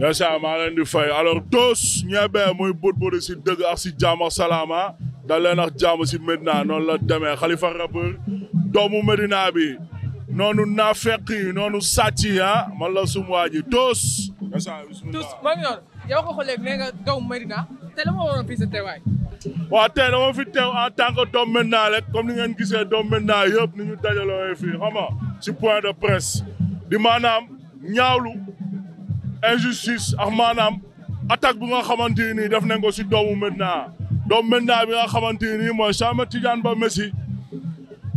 yasa maa leen di fay alors tous ñebe muy bët si dëgg ak si jaam ak salaama dal ak jaam si Medina noonu la demee Khalifa rappeur doomu Medina bi noonu naafeq noonu sàcc yi ah, sum waa ji tous. tous maa ko léegi nee nga doomu Medina te la ma waroon fii sa teewaay. waaw fi teew en tant que Medina rek comme ni ngeen gisee doomu Medina yëpp ni ñu dajaloo fii xam si point de presse di maanaam ñaawlu. injustice ak maanaam attaque bi nga xamante ni def nañ ko si doomu Medina doomu Medina bi nga xamante ni mooy Cheikh Tidiane Ba Messi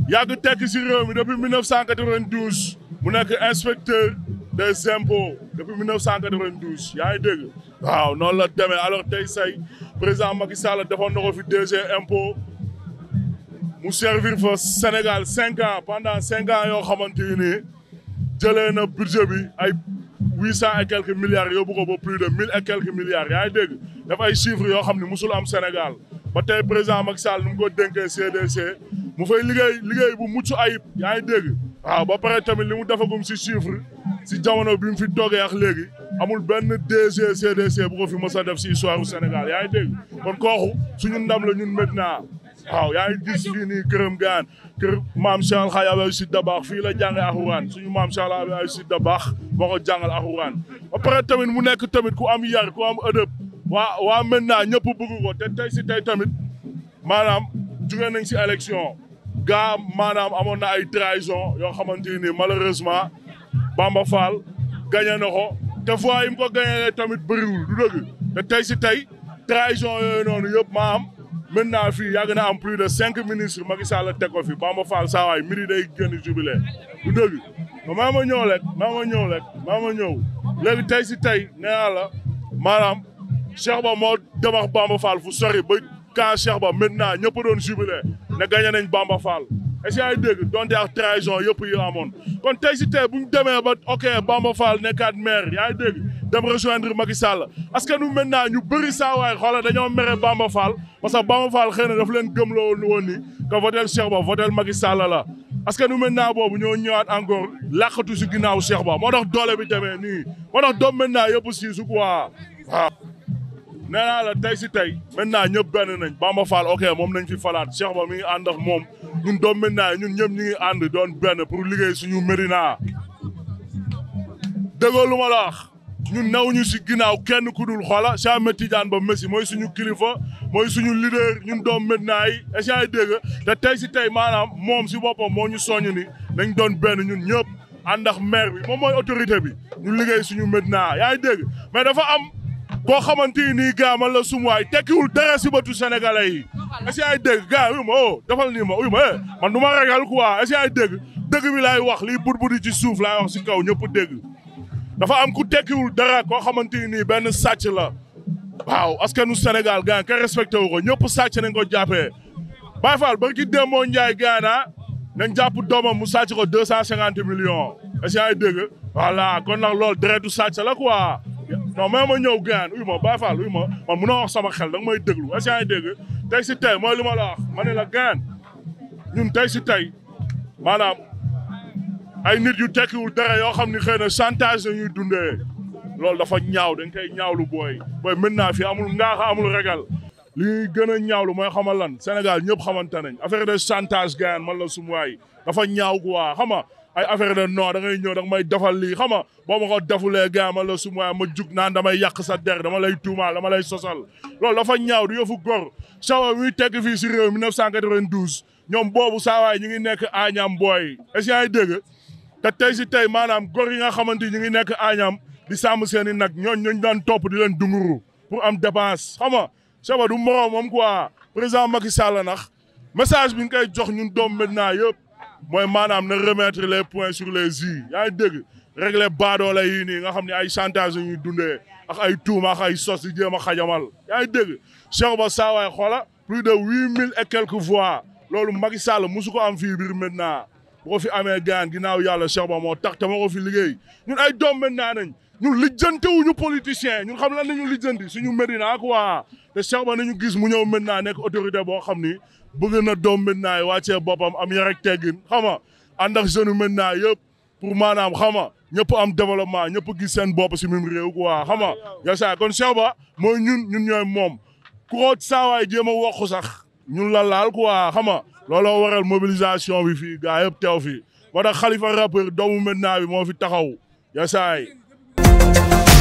yàgg tekki si réew mi depuis 1992 mu nekk inspecteur des impôts depuis 1992 yaa ngi dégg waaw noonu la demee alors tey say président Macky Sall defoon na ko fi DG impo mu servir fa Sénégal cinq ans pendant yoo xamante ni jëlee na budget bi ay huit cent et quelques milliards yóbbu ko ba plus de mille et quelques milliards yaa ngi dégg daf ay chiffres yoo xam ne musul am Sénégal ba tey président Macky Sall nu mu ko dénkee CDC mu fay liggéey liggéey bu mucc ayib yaa dégg waaw ba pare tamit li mu defagum si chiffre si jamono bi fi toogee ak léegi amul benn DG CDC bu ko fi mos a def si histoire bu Sénégal yaa dégg kon kooku suñu ndam la ñun maintenant waaw yaa ngi gis fii nii këram gaan kër maam Cheikh Alhaji Abdoulaye Sy Dabakh fii la jàngee suñu maam Cheikh Alhaji Sy Dabakh moo ko jàngal alxuraan ba pare tamit mu nekk tamit ku am yar ku am ëdëb waa wa maintenant ñëpp bëgg ko te tey si tey tamit maanaam jugee nañ si élection gaa maanaam amoon na ay trahison yoo xamante ni malheureusement Bamba Fall gagné na ko te fois yi ko gagné tamit bëriwul du dëgg te tey si tey trahison yooyu noonu yëpp maam maintenant fii yàgg na am plus de cinq ministres Macky Sall teg ko fi Bamba Fall saawaay miri day génn jubilé du dëgg ma maa ma ñëw rek maa ma ñëw rek maa ma ñëw léegi tey si tey nee naa la maanaam Cheikh Ba moo demax Bamba Fall fu sori ba quand Cheikh Ba maintenant ñëpp doon jubilé ne gagné nañ Bamba Fall est-ce que ay dégg donte yëpp yi amoon kon tey si tey bu ñu demee ba ok Bamba Fall nekkaat maire yaa ngi dem rejoindre Macky Sall askan wi maintenant ñu bëri saa waay xoola dañoo mere Bamba Fall parce que Bamba Fall xëy na daf leen gëmloo woon ni que votel Cheikh Ba votel Macky Sall la. askan wi maintenant boobu ñoo ñëwaat encore làqatu si ginnaaw Cheikh Ba moo tax doole bi demee nii moo tax doom maintenant yëpp si su quoi waaw. la tey si tey maintenant ñëpp benn nañ Bamba Fall ok moom nañ fi falaat Cheikh mi ngi ànd ak moom ñun doom maintenant ñun ñëpp ñi ngi ànd doon benn pour liggéey suñu Médina déggoo lu ñun naw ñu si ginnaaw kenn ku dul xoola Cheikh Ahmed Tidiane ba Messi mooy suñu kilifa mooy suñu leader ñun doom Medina yi echange dégg te tey si tey maanaam moom si boppam moo ñu soññ ni dañ doon benn ñun ñëpp dax maire bi moom mooy autorité bi ñu liggéey suñu Medina yaa ngi dégg mais dafa am koo xamante yi nii gaamal la sumuwaay tekkiwul dara si bëtu sénégalais yi est-ce que ay dégg gars uy ma o oh, defal nii ma uy ma eh, man du ma ragal quoi est-ce ay dégg dëgg bi laay wax lii bud budi ci suuf laay si kaw ñëpp dégg dafa am ku tekkiwul dara koo xamante ni nii benn sàcc la waaw askanu Sénégal gaan ka respecté wu ko ñëpp sàcc nañ ko jàppee Baye Fall barki Demba Ndiaye gaana nañ jàpp doomam mu sàcc ko deux cent cinquante millions est-ce que dégg voilà kon la quoi non mais ma ñëw gaan uy ma Baye Fall uy ma man mun a sama xel danga may déglu est-ce que dégg tey si tey mooy li ma la ma ne la gaan ñun tey si tey maanaam ay nit yu wul dara yoo xam ni xëy na chantage ñuy dundee loolu dafa ñaaw dañ koy lu booy booy maintenant fii amul ngaax amul ragal li gën a ñaaw ñaawlu mooy xamal lan Sénégal ñëpp xamante nañ affaire de chantage gaan mal la sumu waay dafa ñaaw quoi xam nga ay affaire de non da ngay ñëw da nga may defal lii xam nga boo ma ko defulee gaan man la sumu waay ma jug naan damay yàq sa der dama lay tuumaal dama lay sosal lool dafa ñaaw du yëfu góor sawa muy tekk fii si réew 1992 ñoom boobu saawaay ñu ngi nekk añaam booy est-ce que yaa te tey si tey maanaam góor yi nga xamante ñu ngi nekk añaam di sàmm seen i nag ñooñ ñooñ daan topp di leen dunguru pour am dépense xam nga saba du moroom moom quoi président Macky Sall nax message bi nga koy jox ñun doom Médina yëpp mooy maanaam na remettre le points sur les i yaa ngi dégg régler baadoole yii nii nga xam ne ay chantage ñuy dundee ak ay tuuma ak ay sos di jéem a xajamal yaa ngi dégg Cheikh Ba saawaay xoola plus de huit mille et quelques voix loolu Macky Sall mosu ko am fii biir Médina bu ko fi amee gaan ginnaaw yàlla Cheikh Ba moo tax te ma ko liggéey ñun ay doom maintenant nañ ñun lijjante wuñu politicien ñun xam lan la ñu lijjanti suñu Médina quoi te Cheikh Ba nañu gis mu ñëw maintenant nekk autorité boo xam ni bëgg na doom maintenant yi wàccee boppam am yar ak teggin xam nga ànd ak jeune maintenant yëpp pour maanaam xam nga ñëpp am développement ñëpp gis seen bopp si même réew quoi xam nga yasaay kon Cheikh Ba mooy ñun ñun ñooy moom ku ko saawaay a wax sax ñun la laal quoi xam nga looloo waral mobilisation bi fii gaa yëpp teew fii moo tax Khalifa rappeur doomu Médina bi moo fi taxaw yasaay